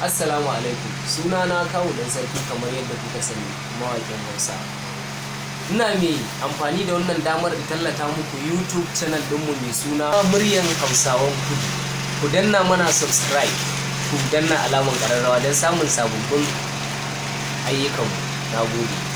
Assalamu alaikum suna na kawo dan sarki kamar yadda kuka sani mawakin Hausa. Ina mai amfani da wannan damar da tallata muku YouTube channel dinmu mai suna muryan Hausawan Kudu. Ku danna mana subscribe, ku danna alamar ƙararrawa don samun sababbin ayyukanmu. Na gode.